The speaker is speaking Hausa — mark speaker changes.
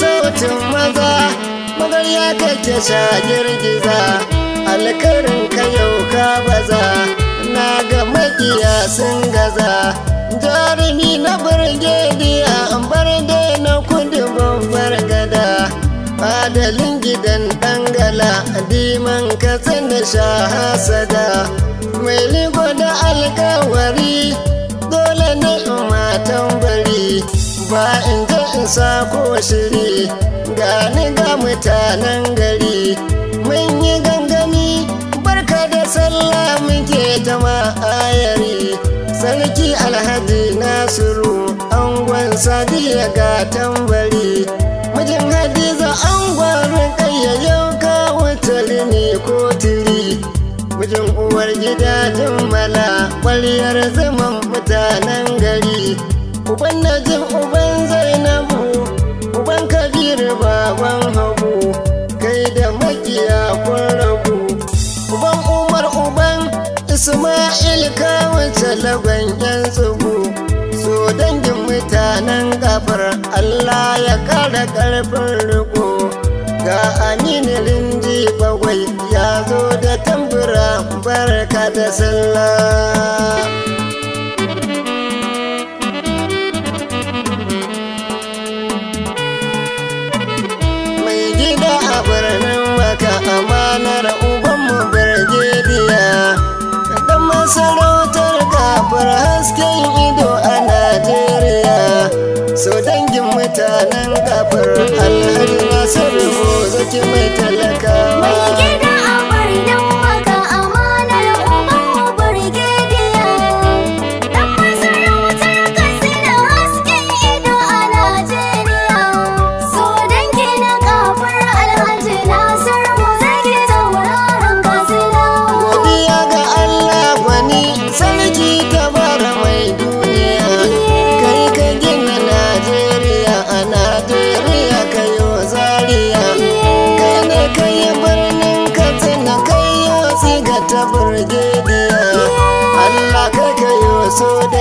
Speaker 1: sautin maza magarya kake sha girgiza alkarin ka yau ka baza na ga makiya sun gaza jarumi na birgediya bar dai na kudu babbar gada adalin gidan dangala diman ka sanda sha hasada mai ligo da alkawari dole ne matan bari ba in sako shiri gani ga mutanen gari mun yi gangami barka da sallah muke jama'a yari sarki alhaji nasiru angon sadiya ga tambari mijin hadiza angon rukayya yau ka wutari ne ko tiri mijin uwar gida mala kwaliyar zaman mutanen gari baban hagu kai da makiya kun rabu uban umar uban isma'il kawace lagon yan tsugu so dangin mutanen gabar allah ya kara karfin riko ga aminu ji bagwai ya zo da tambura barka da sallah ranar kafin alhaji nasiru zaki mai talakawa ta burge Allah kai ka yi waso da